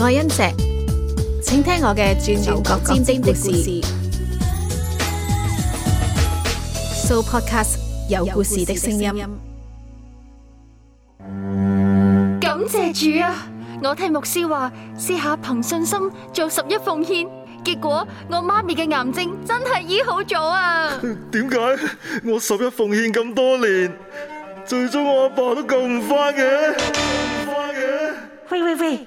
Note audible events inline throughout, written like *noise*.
愛恩石，請聽我嘅轉轉角尖尖的故事。So podcast 有故事的聲音。感謝主啊！我聽牧師話，試下憑信心做十一奉獻，結果我媽咪嘅癌症真係醫好咗啊！點解我十一奉獻咁多年，最終我阿爸都救唔翻嘅？救唔翻嘅？喂喂喂！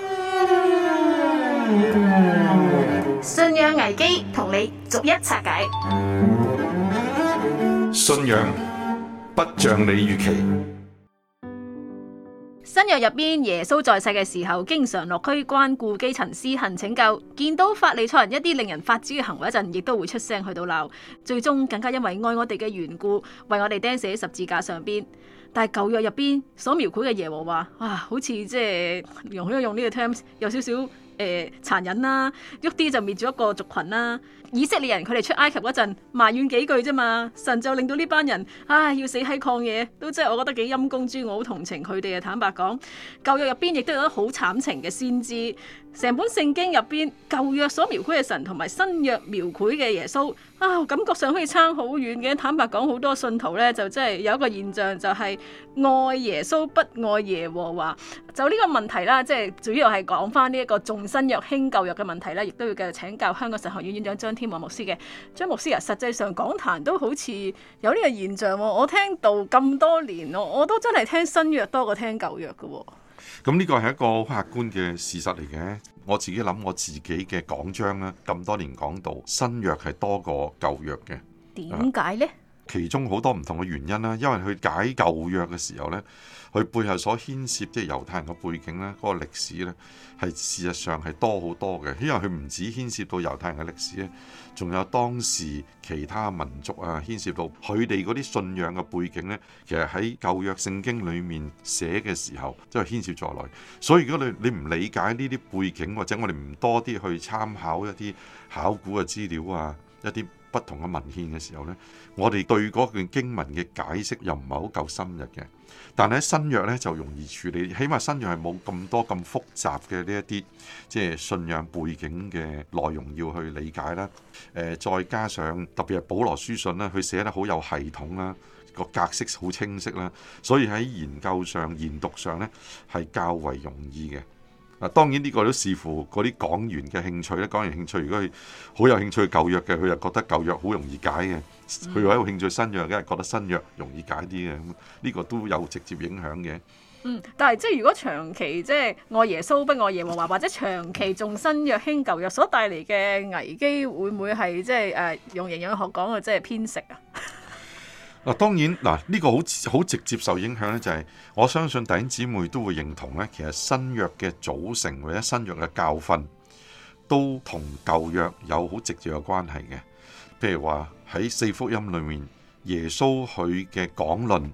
信仰危機同你逐一拆解。信仰不像你預期。新約入邊，耶穌在世嘅時候，經常落區關顧基層、施行拯救，見到法利賽人一啲令人發指嘅行為一，一陣亦都會出聲去到鬧，最終更加因為愛我哋嘅緣故，為我哋釘死喺十字架上邊。但係舊約入邊所描繪嘅耶和華，哇，好似即係用唔用呢個 terms，有少少。誒、呃、殘忍啦，喐啲就滅咗一個族群啦。以色列人佢哋出埃及嗰陣埋怨幾句啫嘛，神就令到呢班人唉要死喺曠野，都真係我覺得幾陰功。諸我好同情佢哋啊！坦白講，舊約入邊亦都有得好慘情嘅先知，成本聖經入邊舊約所描繪嘅神同埋新約描繪嘅耶穌啊，感覺上可以差好遠嘅。坦白講，好多信徒咧就真係有一個現象就係、是、愛耶穌不愛耶和華，就呢個問題啦，即、就、係、是、主要係講翻呢一個重新約輕舊約嘅問題啦，亦都要繼續請教香港神學院院長張。希望牧師嘅張牧師啊，實際上講壇都好似有呢個現象喎。我聽到咁多年咯，我我都真係聽新約多過聽舊約嘅。咁呢個係一個客觀嘅事實嚟嘅。我自己諗我自己嘅講章啦，咁多年講到新約係多過舊約嘅，點解呢？啊其中好多唔同嘅原因啦，因為佢解舊約嘅時候呢，佢背後所牽涉即係猶太人嘅背景呢，嗰個歷史呢，係事實上係多好多嘅，因為佢唔止牽涉到猶太人嘅歷史呢，仲有當時其他民族啊，牽涉到佢哋嗰啲信仰嘅背景呢。其實喺舊約聖經裡面寫嘅時候，即係牽涉在內。所以如果你你唔理解呢啲背景或者我哋唔多啲去參考一啲考古嘅資料啊，一啲，不同嘅文獻嘅時候呢，我哋對嗰段經文嘅解釋又唔係好夠深入嘅。但係新約呢，就容易處理，起碼新約係冇咁多咁複雜嘅呢一啲即係信仰背景嘅內容要去理解啦，呃，再加上特別係保羅書信啦，佢寫得好有系統啦，個格式好清晰啦，所以喺研究上、研讀上呢，係較為容易嘅。嗱，當然呢個都視乎嗰啲講員嘅興趣咧。講員興趣，如果佢好有興趣舊約嘅，佢又覺得舊約好容易解嘅；佢又喺度興趣新約，梗係覺得新約容易解啲嘅。咁呢個都有直接影響嘅。嗯，但係即係如果長期即係愛耶穌不愛耶和華，或者長期重新約輕舊約所帶嚟嘅危機，會唔會係即係誒、呃、用營養學講嘅即係偏食啊？嗱，當然，嗱，這，呢個好好直接受影響咧，就是，就係我相信弟兄姊妹都會認同呢，其實新約嘅組成或者新約嘅教訓，都同舊約有好直接嘅關係嘅。譬如話喺四福音裏面，耶穌佢嘅講論，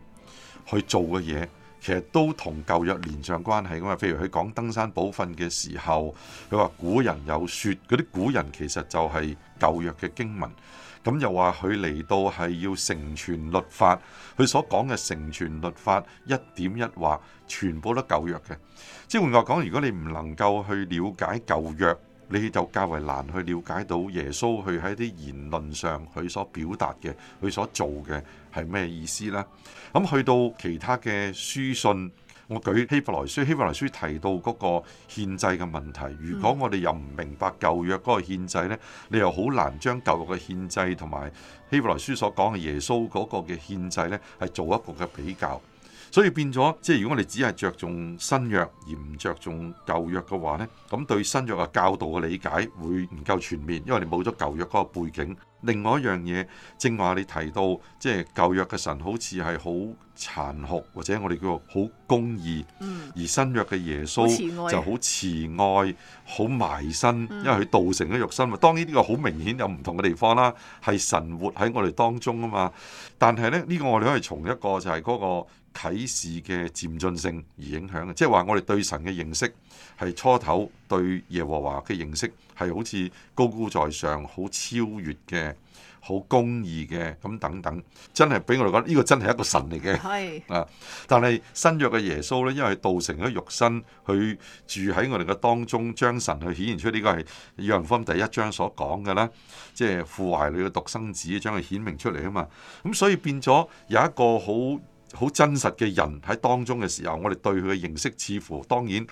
去做嘅嘢，其實都同舊約連上關係噶嘛。譬如佢講登山寶訓嘅時候，佢話古人有説，嗰啲古人其實就係舊約嘅經文。咁又話佢嚟到係要成全律法，佢所講嘅成全律法一點一畫，全部都舊約嘅。即係換句講，如果你唔能夠去了解舊約，你就較為難去了解到耶穌佢喺啲言論上佢所表達嘅，佢所做嘅係咩意思啦。咁去到其他嘅書信。我舉希伯來書，希伯來書提到嗰個獻祭嘅問題。如果我哋又唔明白舊約嗰個獻祭咧，你又好難將舊約嘅獻祭同埋希伯來書所講嘅耶穌嗰個嘅獻祭呢，係做一個嘅比較。所以變咗，即係如果我哋只係着重新約而唔着重舊約嘅話呢，咁對新約嘅教導嘅理解會唔夠全面，因為你冇咗舊約嗰個背景。另外一樣嘢，正話你提到，即係舊約嘅神好似係好殘酷，或者我哋叫做好公義，嗯、而新約嘅耶穌就好慈愛，好埋身，因為佢道成咗肉身嘛。當然呢個好明顯有唔同嘅地方啦，係神活喺我哋當中啊嘛。但係咧，呢、呢個我哋可以從一個就係嗰個啟示嘅漸進性而影響嘅，即係話我哋對神嘅認識係初頭對耶和華嘅認識。係好似高高在上、好超越嘅、好公義嘅咁等等，真係俾我哋覺得呢個真係一個神嚟嘅。係是啊，但係新約嘅耶穌咧，因為道成咗肉身，佢住喺我哋嘅當中，將神去顯現出嚟。呢個係約翰福音第一章所講嘅啦，即係父懷裏嘅獨生子，將佢顯明出嚟啊嘛。咁所以變咗有一個好。好真實嘅人喺當中嘅時候，我哋對佢嘅認識似乎當然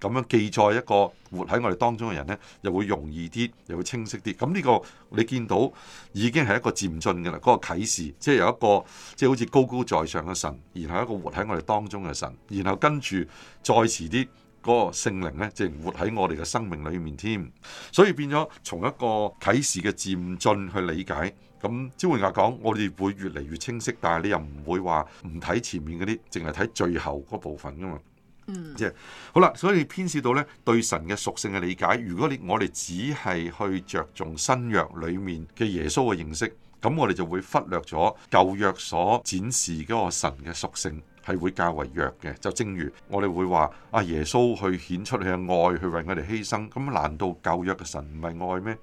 咁樣記載一個活喺我哋當中嘅人呢，又會容易啲，又會清晰啲。咁呢個你見到已經係一個漸進嘅啦，嗰個啟示即係有一個即係好似高高在上嘅神，然後一個活喺我哋當中嘅神，然後跟住再遲啲嗰個聖靈呢，即係活喺我哋嘅生命裏面添。所以變咗從一個啟示嘅漸進去理解。咁招永達講，我哋會越嚟越清晰，但係你又唔會話唔睇前面嗰啲，淨係睇最後嗰部分噶嘛？嗯，即係好啦，所以編涉到咧對神嘅屬性嘅理解，如果你我哋只係去着重新約裏面嘅耶穌嘅認識，咁我哋就會忽略咗舊約所展示嗰個神嘅屬性係會較為弱嘅。就正如我哋會話啊，耶穌去顯出佢嘅愛，去為我哋犧牲，咁難道舊約嘅神唔係愛咩？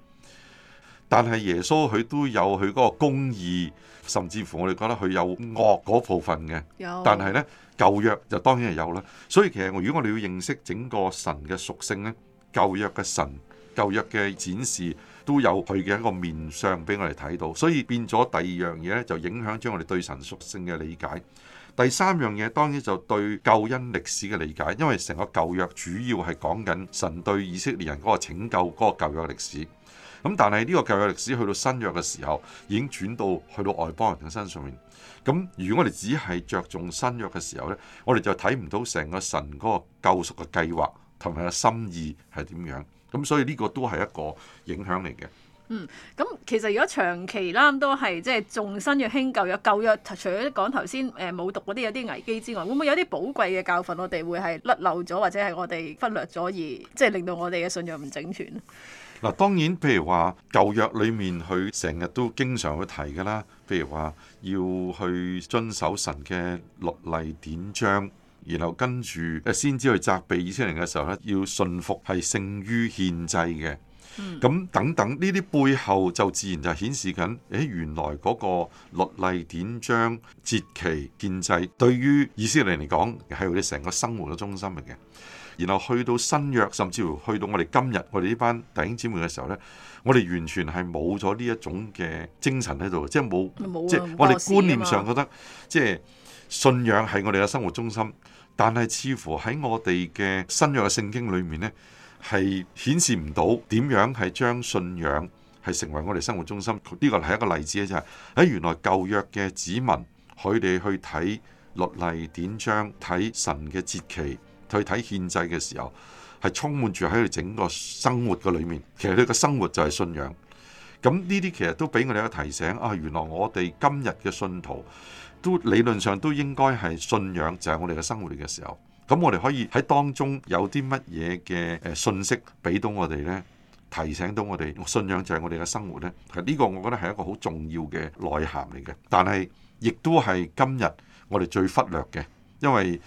但係耶穌佢都有佢嗰個公義，甚至乎我哋覺得佢有惡嗰部分嘅。有但係呢，舊約就當然係有啦。所以其實如果我哋要認識整個神嘅屬性咧，舊約嘅神，舊約嘅展示都有佢嘅一個面相俾我哋睇到。所以變咗第二樣嘢咧，就影響咗我哋對神屬性嘅理解。第三樣嘢當然就對救恩歷史嘅理解，因為成個舊約主要係講緊神對以色列人嗰個拯救嗰個舊約歷史。咁但係呢個舊約歷史去到新約嘅時候，已經轉到去到外邦人嘅身上面。咁如果我哋只係着重新約嘅時候呢，我哋就睇唔到成個神嗰個救贖嘅計劃同埋個心意係點樣。咁所以呢個都係一個影響嚟嘅。嗯，咁其實如果長期啦，都係即係重新約輕舊約。舊約除咗講頭先誒冇讀嗰啲有啲危機之外，會唔會有啲寶貴嘅教訓我哋會係甩漏咗，或者係我哋忽略咗，而即係令到我哋嘅信仰唔整全？嗱，當然，譬如話舊約裏面佢成日都經常去提嘅啦，譬如話要去遵守神嘅律例典章，然後跟住誒先至去責備以色列人嘅時候咧，要順服係勝於獻祭嘅，咁等等呢啲背後就自然就顯示緊，誒原來嗰個律例典章、節期建制，對於以色列人嚟講，係佢哋成個生活嘅中心嚟嘅。然後去到新約，甚至乎去到我哋今日，我哋呢班弟兄姊妹嘅時候呢，我哋完全係冇咗呢一種嘅精神喺度，即係冇，啊、即係我哋老師 觀念上覺得，即係信仰係我哋嘅生活中心。但係似乎喺我哋嘅新約嘅聖經裏面呢，係顯示唔到點樣係將信仰係成為我哋生活中心。呢個係一個例子咧，就係喺原來舊約嘅子民，佢哋去睇律例典章，睇神嘅節期。去睇獻祭嘅時候，係充滿住喺佢整個生活嘅裏面。其實佢嘅生活就係信仰。咁呢啲其實都俾我哋一個提醒啊！原來我哋今日嘅信徒都理論上都應該係信仰就係我哋嘅生活嘅時候。咁我哋可以喺當中有啲乜嘢嘅誒信息俾到我哋呢，提醒到我哋信仰就係我哋嘅生活呢。呢個我覺得係一個好重要嘅內涵嚟嘅，但係亦都係今日我哋最忽略嘅，因為，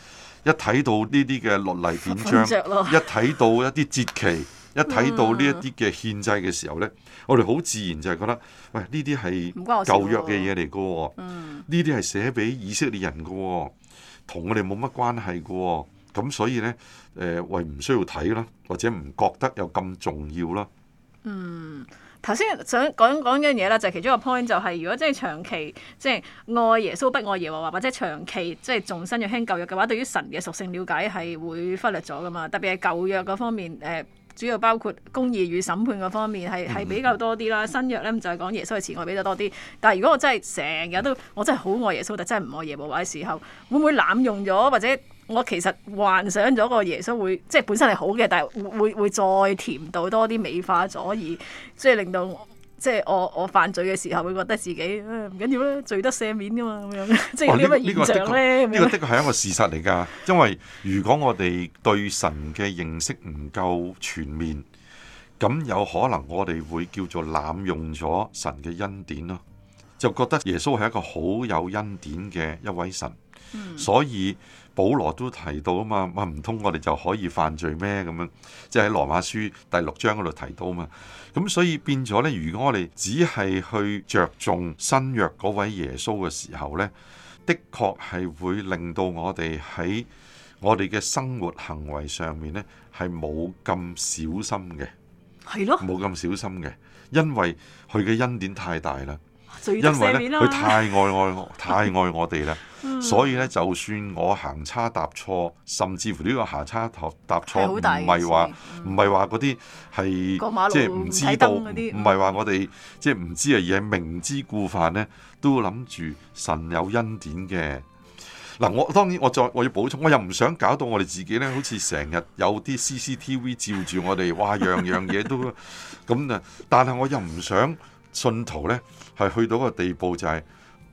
一睇到呢啲嘅律例典章， *laughs* 一睇到一啲節期，一睇到呢一啲嘅獻祭嘅時候呢，嗯、我哋好自然就係覺得，喂呢啲係舊約嘅嘢嚟嘅喎，呢啲係寫俾以色列人嘅喎，同我哋冇乜關係嘅喎，咁所以呢，誒為唔需要睇啦，或者唔覺得有咁重要啦。嗯。頭先想講講一樣嘢啦，就係、是、其中一個 point 就係、是，如果真係長期即係愛耶穌不愛耶和華，或者長期即係重新約輕舊約嘅話，對於神嘅屬性了解係會忽略咗噶嘛？特別係舊約嗰方面，誒、呃、主要包括公義與審判嗰方面係係比較多啲啦。新約咧就係、是、講耶穌嘅慈愛比較多啲。但係如果我真係成日都我真係好愛耶穌，但真係唔愛耶和華嘅時候，會唔會濫用咗或者？我其實幻想咗個耶穌會，即係本身係好嘅，但係會會再甜到多啲美化咗，而即係令到即係我我犯罪嘅時候，會覺得自己唔緊要啦，罪得赦免噶嘛咁，哦、樣，即係有啲乜嘢現象咧？呢個、呢、呢個呢個的確係一個事實嚟噶， *laughs* 因為如果我哋對神嘅認識唔夠全面，咁有可能我哋會叫做濫用咗神嘅恩典咯，就覺得耶穌係一個好有恩典嘅一位神。嗯、所以保羅都提到啊嘛，唔通我哋就可以犯罪咩咁樣？即係喺羅馬書第六章嗰度提到啊嘛。咁所以變咗呢，如果我哋只係去着重新約嗰位耶穌嘅時候呢，的確係會令到我哋喺我哋嘅生活行為上面呢，係冇咁小心嘅，係咯的，冇咁小心嘅，因為佢嘅恩典太大啦。因為咧佢太愛愛我太愛我哋啦，所以咧就算我行差踏錯，甚至乎呢個行差踏踏錯，唔係話唔係話嗰啲係即係唔知道，唔係話我哋即係唔知，而係明知故犯咧，都諗住神有恩典嘅。嗱，我當然我再我要補充，我又唔想搞到我哋自己咧，好似成日有啲 CCTV 照住我哋， *laughs* 哇樣樣嘢都咁啊！但係我又唔想。信徒咧係去到個地步，就係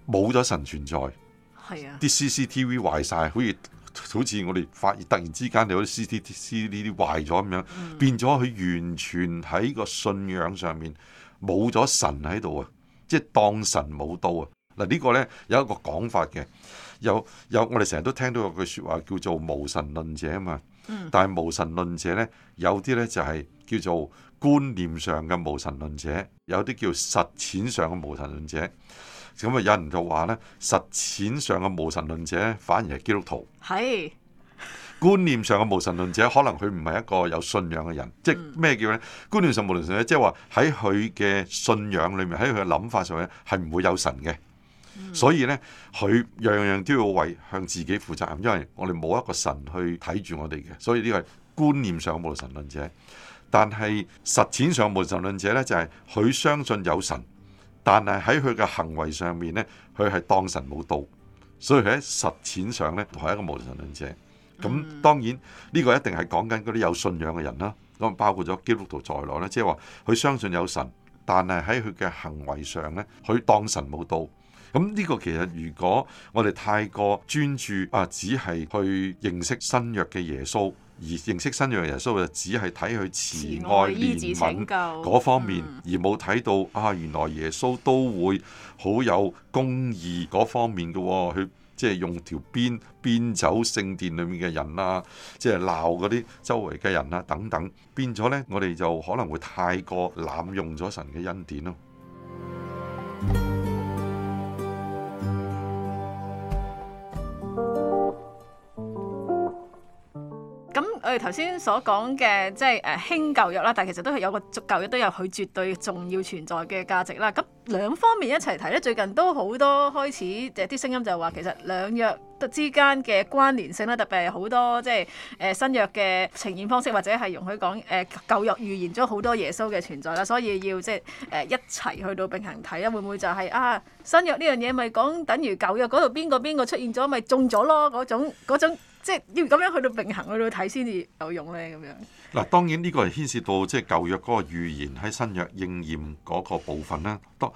冇咗神存在。係啊，啲 CCTV 壞晒，好似好似我哋發現突然之間就有 CCTV 呢啲壞咗咁樣，嗯、變咗佢完全喺個信仰上面冇咗神喺度啊！即係當神冇到啊！嗱呢個咧有一個講法嘅，有有我哋成日都聽到有句説話叫做無神論者啊嘛。但係無神論者咧，有啲咧就係叫做。觀念上嘅無神論者，有啲叫實踐上嘅無神論者，咁啊有人就話咧，實踐上嘅無神論者反而係基督徒。係的觀念上嘅無神論者，可能佢唔係一個有信仰嘅人，即係咩叫咧？觀念上無神論者，即係話喺佢嘅信仰裏面，喺佢嘅諗法上面，係唔會有神嘅。所以咧，佢樣樣都要為向自己負責任，因為我哋冇一個神去睇住我哋嘅，所以呢個係觀念上嘅無神論者。但係實踐上無神論者咧，就係、是、佢相信有神，但係喺佢嘅行為上面咧，佢係當神冇到。所以喺實踐上咧，係一個無神論者。咁當然呢、這個一定係講緊嗰啲有信仰嘅人啦，咁包括咗基督徒在內咧，即係話佢相信有神，但係喺佢嘅行為上咧，佢當神冇到。咁呢個其實如果我哋太過專注啊，只係去認識新約嘅耶穌，而認識新約耶穌就只係睇佢慈愛、憐憫嗰方面，嗯、而冇睇到啊原來耶穌都會好有公義嗰方面嘅、哦，去即係用條鞭鞭走聖殿裏面嘅人啊，即係鬧嗰啲周圍嘅人啊等等，變咗呢，我哋就可能會太過濫用咗神嘅恩典咯。頭先所講嘅即係誒輕舊約啦，但係其實都係有個舊約都有佢絕對重要存在嘅價值啦。咁兩方面一齊睇咧，最近都好多開始即係啲聲音就係話，其實兩約之間嘅關聯性咧，特別係好多即係誒新約嘅呈現方式，或者係容許講誒舊約預言咗好多耶穌嘅存在啦。所以要即係誒一齊去到並行睇啦，會唔會就係啊新約呢樣嘢咪講等於舊約嗰度邊個邊個出現咗咪中咗咯嗰種嗰種？即係要咁樣去到並行去到睇先至有用咧，咁樣。嗱，當然呢個係牽涉到即係舊約嗰個預言喺新約應驗嗰個部分啦。當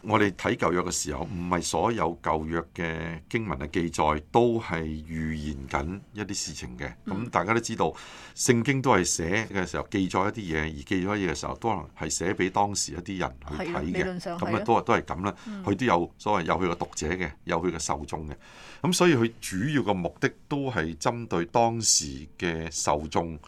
我哋睇舊約嘅時候，唔係所有舊約嘅經文嘅記載都係預言緊一啲事情嘅。咁大家都知道，聖經都係寫嘅時候記載一啲嘢，而記載一啲嘢嘅時候，都可能係寫俾當時一啲人去睇嘅。咁啊，都都係咁啦。佢都有所謂有佢嘅讀者嘅，有佢嘅受眾嘅。咁所以佢主要嘅目的都係針對當時嘅受眾。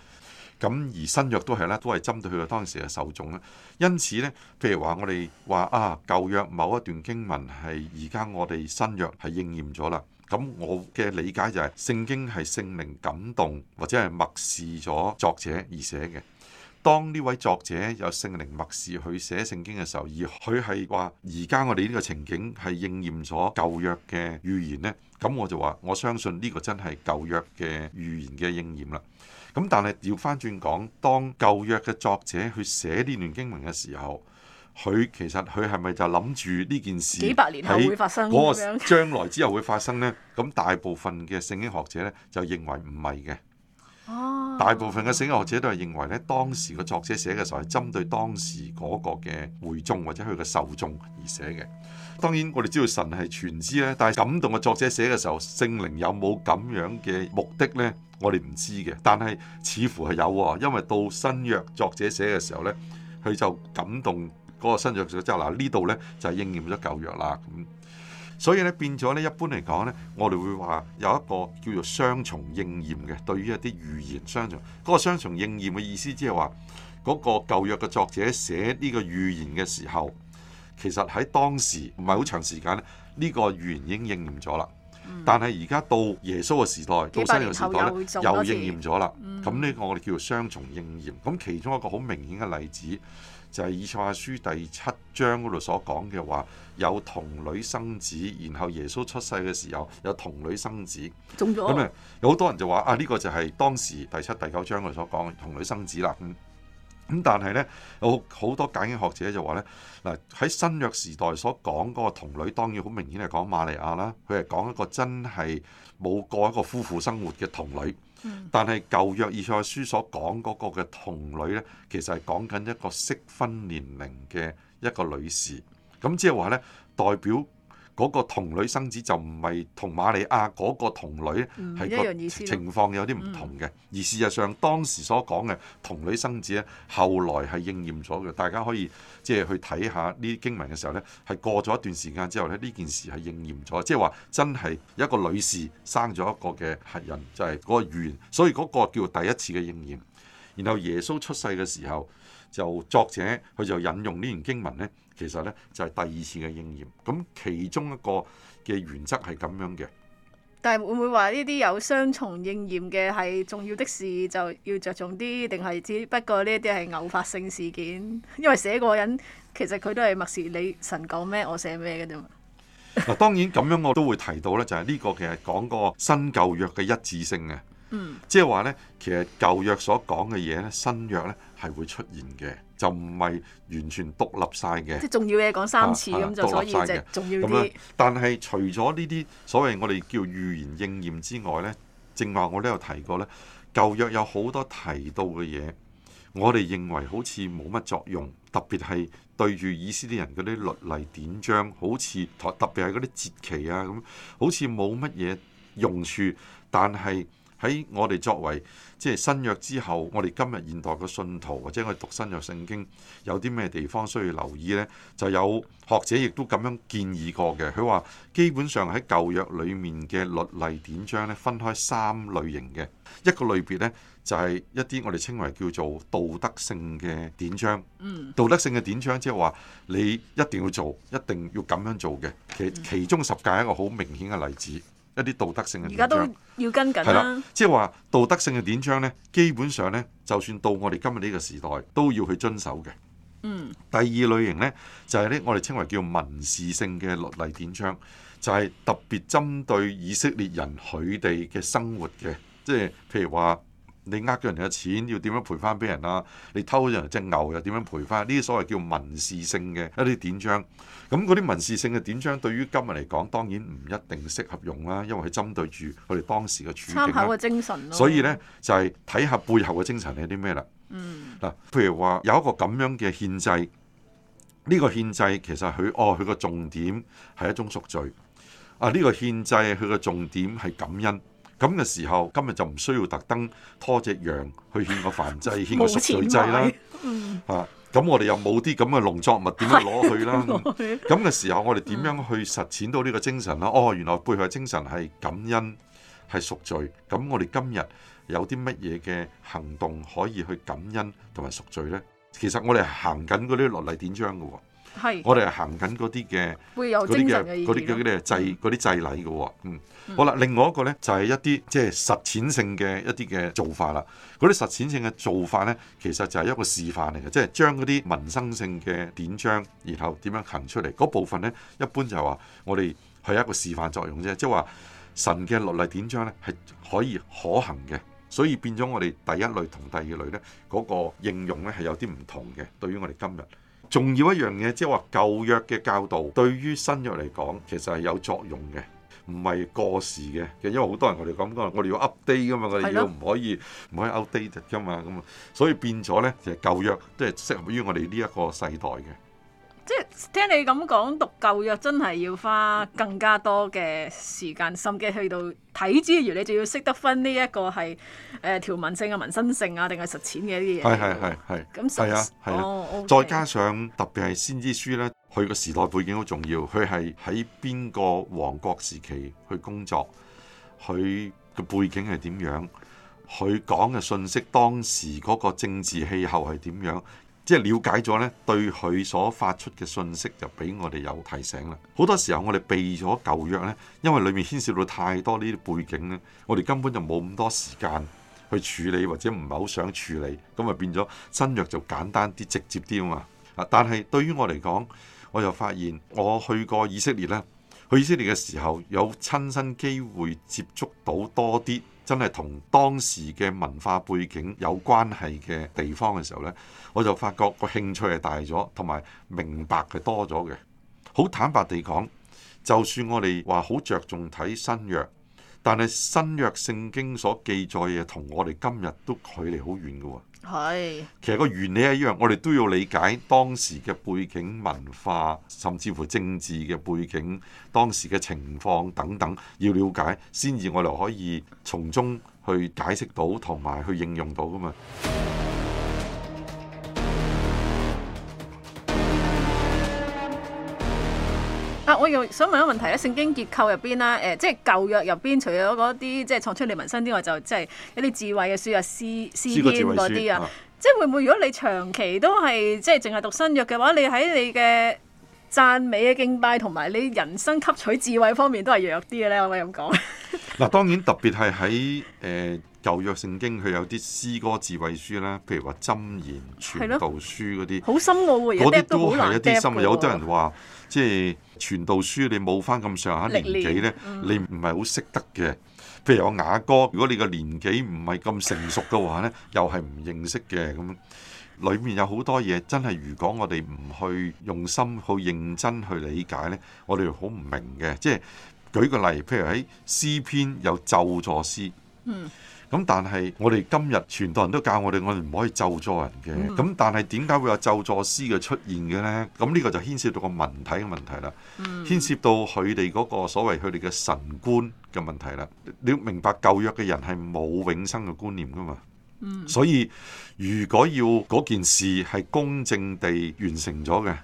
咁而新約都係咧，都係針對佢當時嘅受眾啦。因此呢，譬如話我哋話啊，舊約某一段經文係而家我哋新約係應驗咗啦。咁我嘅理解就係、係、聖經係聖靈感動或者係默示咗作者而寫嘅。當呢位作者有聖靈默示去寫聖經嘅時候，而佢係話而家我哋呢個情景係應驗咗舊約嘅預言咧。咁我就話我相信呢個真係舊約嘅預言嘅應驗啦。咁但係調翻轉講，當舊約嘅作者去寫呢段經文嘅時候，佢其實佢係咪就諗住呢件事幾百年後會發生咁樣，將來之後會發生呢？咁 *laughs* 大部分嘅聖經學者咧就認為唔係嘅。大部分嘅聖經學者都係認為咧，當時嘅作者寫嘅時候係針對當時嗰個嘅會眾或者佢嘅受眾而寫嘅。當然我哋知道神係全知咧，但係感動嘅作者寫嘅時候，聖靈有冇咁樣嘅目的呢？我哋唔知嘅，但係似乎係有喎，因為到新約作者寫嘅時候呢，佢就感動嗰個新約作者即係嗱呢度呢，就應驗咗舊約啦咁，所以咧變咗呢，一般嚟講呢，我哋會話有一個叫做雙重應驗嘅，對於一啲預言雙重，嗰個雙重應驗嘅意思即係話嗰個舊約嘅作者寫呢個預言嘅時候，其實喺當時唔係好長時間呢，呢個預言已經應驗咗啦。但係而家到耶穌嘅時代，到新約時代呢，又，又應驗咗啦。咁呢、嗯、個我哋叫做雙重應驗。咁、嗯、其中一個好明顯嘅例子，就係、是、以賽亞書第七章嗰度所講嘅話，有童女生子，然後耶穌出世嘅時候有童女生子。中咗了。咁啊，有好多人就話啊，呢、這個就係當時第七、第九章嗰度所講童女生子啦。嗯咁但係咧，有好多解經學者就話咧，嗱喺新約時代所講嗰個童女當然好明顯係講馬利亞啦，佢係講一個真係冇過一個夫婦生活嘅童女。但係舊約以賽書所講嗰個嘅童女咧，其實係講緊一個適婚年齡嘅一個女士。咁即係話咧，代表。嗰個童女生子就唔係同瑪利亞嗰、那個童女，係個情況有啲唔同嘅。嗯、而事實上當時所講嘅童女生子咧，後來係應驗咗嘅。大家可以即係去睇下呢啲經文嘅時候咧，係過咗一段時間之後咧，呢件事係應驗咗，即係話真係一個女士生咗一個嘅客人，就係、是、嗰個緣。所以嗰個叫第一次嘅應驗。然後耶穌出世嘅時候。就作者佢就引用呢段經文咧，其實咧就係第二次嘅應驗。咁其中一個嘅原則係咁樣嘅。但係會唔會話呢啲有雙重應驗嘅係重要的事就要著重啲，定係只不過呢一啲係偶發性事件？因為寫嗰個人其實佢都係默示你神講咩，我寫咩嘅啫嘛。嗱，當然咁樣我都會提到咧，就係呢個其實講個新舊約嘅一致性嘅。嗯，即係話咧，其實舊約所講嘅嘢咧，新約咧係會出現嘅，就唔係完全獨立晒嘅。即係重要嘢講三次咁、啊、就所以即係重要啲、啊。但係除咗呢啲所謂我哋叫預言應驗之外咧，正話我都有提過咧，舊約有好多提到嘅嘢，我哋認為好似冇乜作用，特別係對住以色列人嗰啲律例典章，好似特別係嗰啲節期啊咁，好似冇乜嘢用處，但係，喺我哋作為即係新約之後，我哋今日現代嘅信徒或者我哋讀新約聖經有啲咩地方需要留意呢？就有學者亦都咁樣建議過嘅。佢話基本上喺舊約裡面嘅律例典章咧，分開三類型嘅。一個類別呢，就係、是、一啲我哋稱為叫做道德性嘅典章。道德性嘅典章即係話你一定要做，一定要咁樣做嘅。其其中十誡係一個好明顯嘅例子。一啲道德性嘅而家典章，都要跟緊啦，係啦，即係話道德性嘅典章咧，基本上咧，就算到我哋今日呢個時代，都要去遵守嘅。嗯，第二類型咧，就係咧，我哋稱為叫民事性嘅律例典章，就係特別針對以色列人佢哋嘅生活嘅，即係譬如話。你呃咗人哋嘅錢，要點樣賠翻俾人啊？你偷咗人隻牛又點樣賠翻？呢啲所謂叫民事性嘅一啲典章，咁嗰啲民事性嘅典章對於今日嚟講，當然唔一定適合用啦，因為佢針對住佢哋當時嘅處境、啊、所以呢，就係、是、睇下背後嘅精神係啲咩啦。嗱、嗯，譬如話有一個咁樣嘅獻祭。呢、呢個獻祭其實佢哦佢個重點係一種贖罪。啊，呢、呢個獻祭，佢個重點係感恩。咁嘅時候，今日就唔需要特登拖隻羊去獻個燔祭、獻個贖罪祭啦。啊、嗯。啊，咁我哋又冇啲咁嘅農作物點樣攞去啦？咁嘅時候，我哋點樣去實踐到呢個精神啦、啊？哦，原來背後嘅精神係感恩，係贖罪。咁我哋今日有啲乜嘢嘅行動可以去感恩同埋贖罪呢？其實我哋行緊嗰啲律例典章嘅、哦。是我哋行緊嗰啲嘅，嗰啲嘅，啲祭啲祭禮嘅，嗯。好啦，另外一個咧就係、是、一啲即係實踐性嘅一啲嘅做法啦。嗰啲實踐性嘅做法咧，其實就係一個示範嚟嘅，即係將嗰啲民生性嘅典章，然後點樣行出嚟。嗰部分咧，一般就係話我哋係一個示範作用啫。即係話神嘅律例典章咧，係可以可行嘅，所以變咗我哋第一類同第二類咧嗰、那個應用咧係有啲唔同嘅，對於我哋今日。重要一樣嘢，即係話舊約嘅教導對於新約嚟講，其實係有作用嘅，唔係過時嘅。因為好多人我哋講，我哋要 update 噶嘛，我哋要唔可以唔的可以 outdate 噶嘛，咁啊，所以變咗咧，就係舊約都係適合於我哋呢一個世代嘅。即係聽你咁講讀舊約，真係要花更加多嘅時間心機，甚至去到睇之餘，你仲要識得分呢、這、一個係誒條文性啊、文身性啊，定係實踐嘅一啲嘢。係係係係。咁係啊，係啊。再加上特別係先知書咧，佢個時代背景好重要。佢係喺邊個王國時期去工作，佢個背景係點樣？佢講嘅信息，當時嗰個政治氣候係點樣？即係了解咗呢對佢所發出嘅信息就俾我哋有提醒啦。好多時候我哋避咗舊約呢，因為裡面牽涉到太多呢啲背景呢，我哋根本就冇咁多時間去處理，或者唔係好想處理，咁啊變咗新約就簡單啲、直接啲啊嘛。但係對於我嚟講，我就發現我去過以色列啦，去以色列嘅時候有親身機會接觸到多啲。真係同當時嘅文化背景有關係嘅地方嘅時候呢，我就發覺個興趣係大咗，同埋明白係多咗嘅。好坦白地講，就算我哋話好着重睇新約，但係新約聖經所記載嘅同我哋今日都距離好遠嘅喎。係，其實個原理係一樣，我哋都要理解當時嘅背景文化，甚至乎政治嘅背景，當時嘅情況等等，要了解先至，我哋可以從中去解釋到同埋去應用到噶嘛。我想問一個問題咧，聖經結構入邊啦，誒、呃，即係舊約入邊，除咗嗰啲即係創出你民申之外，就即係一啲智慧嘅書啊，詩詩篇嗰啲啊，即係會唔會如果你長期都係即係淨係讀新約嘅話，你喺你嘅讚美嘅敬拜同埋你人生吸取智慧方面都係弱啲嘅咧？可唔可以咁講？嗱，當然特別係喺誒。呃舊約聖經佢有啲詩歌智慧書啦，譬如話箴言、傳道書嗰啲，好深奧，嗰啲都係一啲深。有好多人話，練即係傳道書你冇返咁上下年紀咧，嗯、你唔係好識得嘅。譬如我雅歌，如果你個年紀唔係咁成熟嘅話咧，又係唔認識嘅。咁裏面有好多嘢真係，如果我哋唔去用心去認真去理解咧，我哋好唔明嘅。即係舉個例，譬如喺詩篇有咒詛詩，嗯。咁但係我哋今日，傳道人都教我哋，我哋唔可以咒助人嘅。咁但係點解會有咒助師嘅出現嘅呢？咁呢個就牽涉到個文體嘅問題啦，牽涉到佢哋嗰個所謂佢哋嘅神觀嘅問題啦。你要明白舊約嘅人係冇永生嘅觀念㗎嘛，所以如果要嗰件事係公正地完成咗嘅。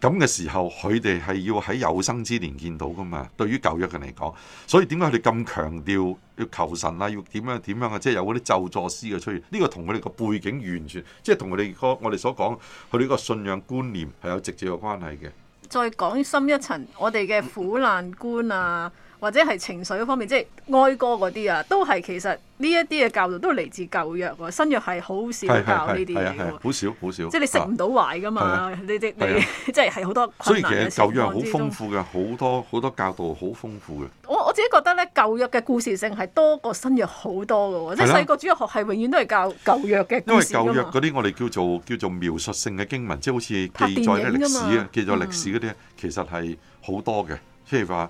咁嘅時候，佢哋係要喺有生之年見到噶嘛？對於舊約人嚟講，所以點解佢哋咁強調要求神啊，要點樣點樣嘅啊，即係有嗰啲咒助師嘅出現。呢、這個同佢哋個背景完全，即係同佢哋個我哋所講佢哋個信仰觀念係有直接嘅關係嘅。再講深一層，我哋嘅苦難觀啊。或者係情緒方面，即係哀歌嗰啲啊，都係其實呢一啲嘅教導都嚟自舊約喎，新約係好少教呢啲嘢好少好少。少即係你食唔到壞噶嘛？呢啲的你即係係好多。所以其實舊約係好豐富嘅，好多好多教導好豐富嘅。我我自己覺得咧，舊約嘅故事性係多過新約好多噶喎，即係細個主要學係永遠都係教舊約嘅。因為舊約嗰啲我哋叫做叫做描述性嘅經,經文，即係好似記載啲歷史啊，記載歷史嗰啲，嗯、其實係好多嘅，譬如話。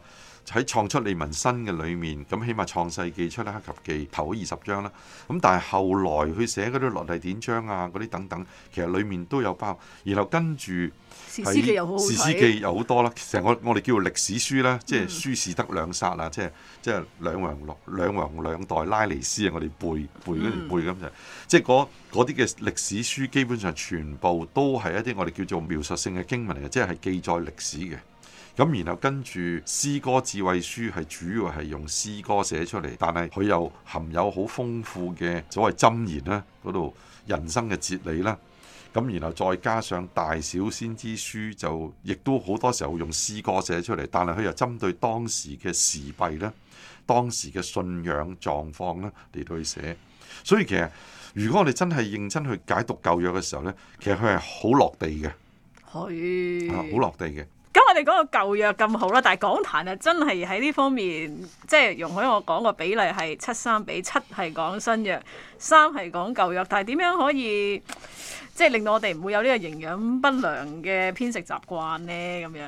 喺創出利民申嘅裏面，咁起碼創世記出埃及記，頭二十章啦。咁但係後來佢寫嗰啲律例典章啊，嗰啲等等，其實裏面都有包。然後跟住士師記又好好睇，士師記又好多啦。成個我哋叫做歷史書啦，即係書士得兩撒啊，嗯、即係即係兩王落兩王兩代拉尼斯啊，我哋背背一住背咁就，嗯、即係嗰啲嘅歷史書基本上全部都係一啲我哋叫做描述性嘅經文嚟嘅，即係係記載歷史嘅。咁然後跟住詩歌智慧書係主要係用詩歌寫出嚟，但係佢又含有好豐富嘅所謂箴言啦，嗰度人生嘅哲理啦。咁然後再加上大小先知書就亦都好多時候用詩歌寫出嚟，但係佢又針對當時嘅時弊咧，當時嘅信仰狀況咧嚟到去寫。所以其實如果我哋真係認真去解讀舊約嘅時候呢，其實佢係好落地嘅，可以，啊、好落地嘅。咁我哋講個舊約咁好啦，但係講壇啊真係喺呢方面，即係容許我講個比例係七三比，七係講新約，三係講舊約。但係點樣可以即係令到我哋唔會有呢個營養不良嘅偏食習慣呢？咁樣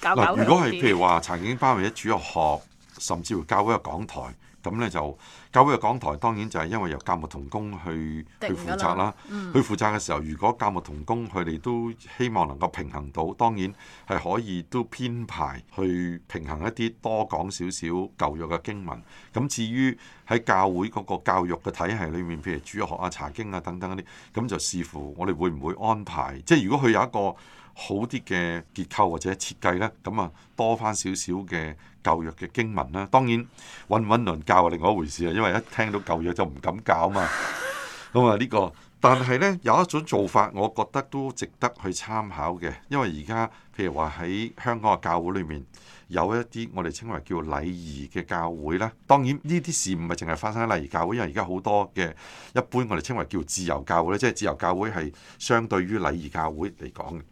搞教。如果係譬如話曾景藩或咗主肉學，甚至教會教一個講壇咁咧就。教會嘅講台當然就係因為由教牧同工去了去負責啦，去負責嘅時候，嗯、如果教牧同工佢哋都希望能夠平衡到，當然係可以都編排去平衡一啲多講少少舊約嘅經文。咁至於喺教會嗰個教育嘅體系裏面，譬如主學啊、查經啊等等嗰啲，咁就視乎我哋會唔會安排。即係如果佢有一個。好啲嘅結構或者設計啦，咁啊多翻少少嘅舊約嘅經文啦。當然搵唔搵倫教係另外一回事啊，因為一聽到舊約就唔敢教啊嘛。咁啊呢個，但係咧有一種做法，我覺得都值得去參考嘅，因為而家譬如話喺香港嘅教會裏面，有一啲我哋稱為叫禮儀嘅教會啦。當然呢啲事唔係淨係發生喺禮儀教會，因為而家好多嘅一般我哋稱為叫自由教會咧，即係自由教會係相對於禮儀教會嚟講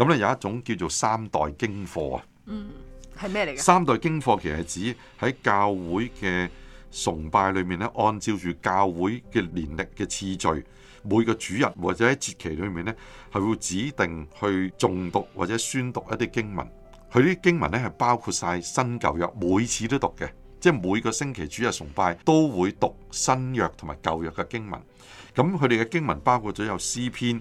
咁咧有一種叫做三代經課啊，嗯，係咩嚟嘅？三代經課其實指喺教會嘅崇拜裏面咧，按照住教會嘅年歷嘅次序，每個主日或者喺節期裏面咧，係會指定去重讀或者宣讀一啲經文。佢啲經文咧係包括晒新舊約，每次都讀嘅，即係每個星期主日崇拜都會讀新約同埋舊約嘅經文。咁佢哋嘅經文包括咗有詩篇、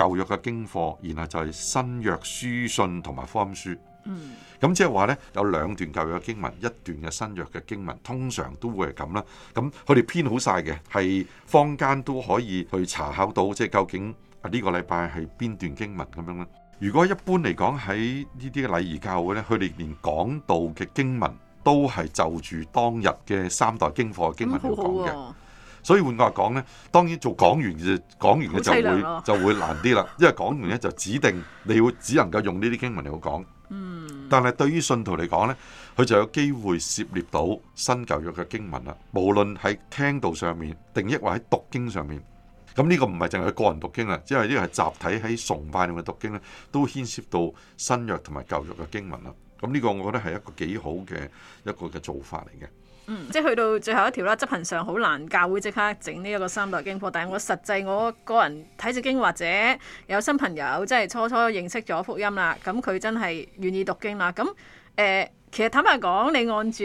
舊約嘅經課，然後就係新約書信同埋福音書。嗯，咁即係話呢，有兩段舊約經文，一段嘅新約嘅經文，通常都會係咁啦。咁佢哋編好晒嘅，係坊間都可以去查考到，即係究竟呢個禮拜係邊段經文咁樣咧。如果一般嚟講喺呢啲嘅禮儀教會呢，佢哋連講道嘅經文都係就住當日嘅三代經課嘅經文嚟、嗯啊、講嘅。所以換句話講咧，當然做講員就講完嘅就會、啊、就會難啲啦，因為講完咧就指定你會只能夠用呢啲經文嚟去講。嗯。但係對於信徒嚟講咧，佢就有機會涉獵到新舊約嘅經文啦。無論喺聽道上面，定抑或喺讀經上面，咁呢個唔係淨係個人讀經啊，因為呢個係集體喺崇拜用嘅讀經咧，都牽涉到新約同埋舊約嘅經文啦。咁呢個我覺得係一個幾好嘅一個嘅做法嚟嘅。嗯，即係去到最後一條啦，執行上好難教，會即刻整呢一個三代經課。但係我實際我個人睇住經或者有新朋友，即係初初認識咗福音啦，咁佢真係願意讀經啦。咁誒、呃，其實坦白講，你按住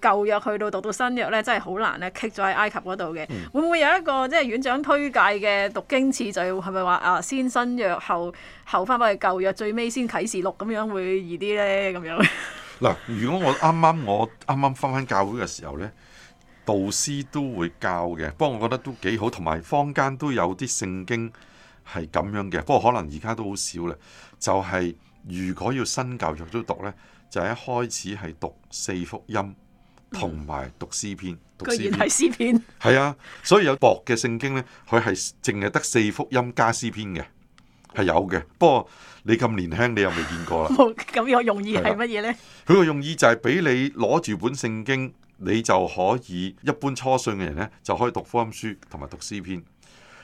舊約去到讀到新約呢，真係好難呢棘咗喺埃及嗰度嘅。嗯、會唔會有一個即係院長推介嘅讀經次序，就要係咪話啊先新約後後翻返去舊約，最尾先啟示錄咁樣會易啲呢？咁樣？ *laughs* 嗱，如果我啱啱我啱啱翻翻教會嘅時候呢，導師都會教嘅，不過我覺得都幾好，同埋坊間都有啲聖經係咁樣嘅，不過可能而家都好少啦。就係、是、如果要新教育都讀呢，就係一開始係讀四福音同埋讀詩篇，讀詩篇，居然係詩篇，係啊，所以有薄嘅聖經呢，佢係淨係得四福音加詩篇嘅。係有嘅，不過你咁年輕，你又未見過啦。咁 *laughs* 有用意係乜嘢咧？佢個用意就係俾你攞住本聖經，你就可以一般初信嘅人咧，就可以讀福音書同埋讀詩篇。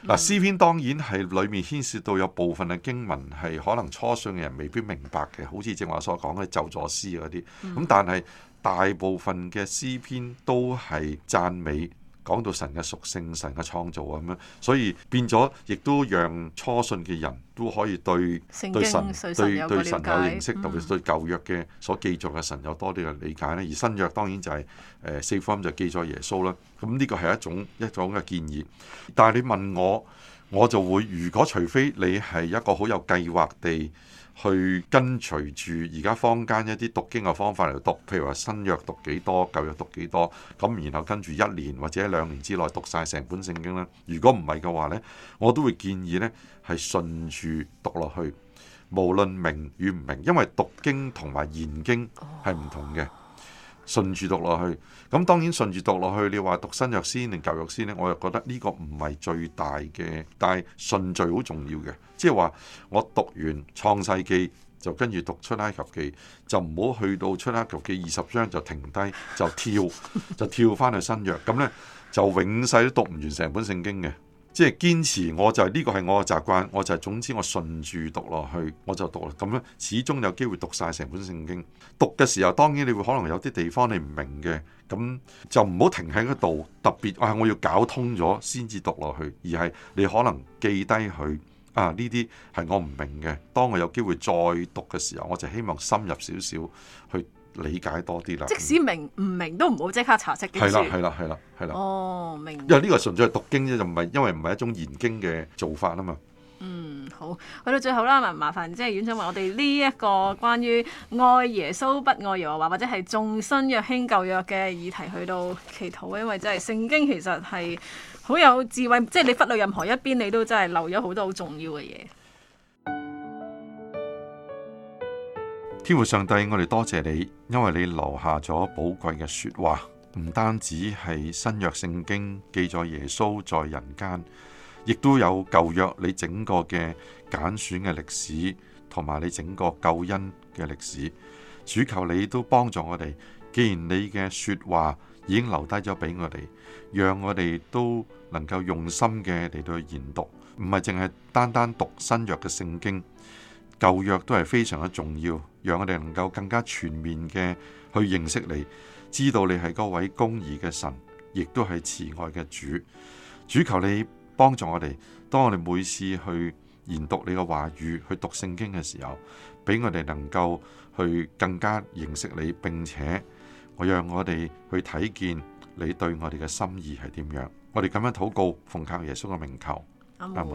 嗱、嗯，詩篇當然係裡面牽涉到有部分嘅經文係可能初信嘅人未必明白嘅，好似正話所講嘅咒詛詩嗰啲。咁、嗯、但係大部分嘅詩篇都係讚美。講到神嘅屬性、神嘅創造咁樣，所以變咗亦都讓初信嘅人都可以對經對神對對神有認識。嗯、特別對舊約嘅所記載嘅神有多啲嘅理解咧。而新約當然就係、是、誒、呃、四福音就記載耶穌啦。咁呢個係一種一種嘅建議，但係你問我，我就會如果除非你係一個好有計劃地。去跟隨住而家坊間一啲讀經嘅方法嚟讀，譬如話新約讀幾多，舊約讀幾多，咁然後跟住一年或者兩年之內讀晒成本聖經啦。如果唔係嘅話呢，我都會建議呢係順住讀落去，無論明與唔明，因為讀經，言經同埋研經係唔同嘅。順住讀落去，咁當然順住讀落去。你話讀新約先定舊約先呢？我又覺得呢個唔係最大嘅，但係順序好重要嘅。即係話我讀完創世記就跟住讀出埃及記，就唔好去到出埃及記二十章就停低就跳就跳返去新約，咁呢，就永世都讀唔完成本聖經嘅。即係堅持，我就呢個係我嘅習慣，我就係，總之我順住讀落去，我就讀啦。咁樣始終有機會讀晒成本聖經。讀嘅時候當然你會可能有啲地方你唔明嘅，咁就唔好停喺嗰度。特別啊，我要搞通咗先至讀落去，而係你可能記低佢啊。呢啲係我唔明嘅。當我有機會再讀嘅時候，我就希望深入少少去。理解多啲啦，即使明唔明、嗯、都唔好即刻查識。係啦，係啦，係啦，係啦。哦，明。因為呢個純粹係讀經啫，就唔係因為唔係一種研經嘅做法啊嘛。嗯，好，去到最後啦，麻煩即係、就是、院長，問我哋呢一個關於愛耶穌不愛耶和華，或者係重新約輕舊約嘅議題，去到祈禱，因為真係聖經其實係好有智慧，即、就、係、是、你忽略任何一邊，你都真係漏咗好多好重要嘅嘢。天父上帝，我哋多謝你，因為你留下咗寶貴嘅說話，唔單止係新約聖經記載耶穌在人間，亦都有舊約你整個嘅揀選嘅歷史，同埋你整個救恩嘅歷史。主求你都幫助我哋，既然你嘅說話已經留低咗俾我哋，讓我哋都能夠用心嘅嚟到研讀，唔係淨係單單讀新約嘅聖經。舊約都係非常之重要，讓我哋能夠更加全面嘅去認識你，知道你係嗰位公義嘅神，亦都係慈愛嘅主。主求你幫助我哋，當我哋每次去研讀你嘅話語，去讀聖經嘅時候，俾我哋能夠去更加認識你，並且我讓我哋去睇見你對我哋嘅心意係點樣。我哋咁樣禱告，奉靠耶穌嘅名求。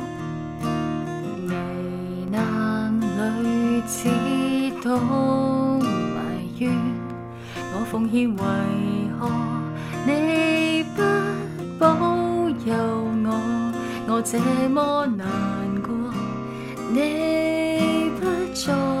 知道埋怨，我奉獻，為何你不保佑我？我這麼難過，你不在。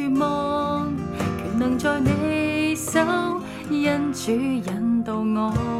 願望全能在你手，因主引導我。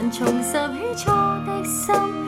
難重拾起初的心。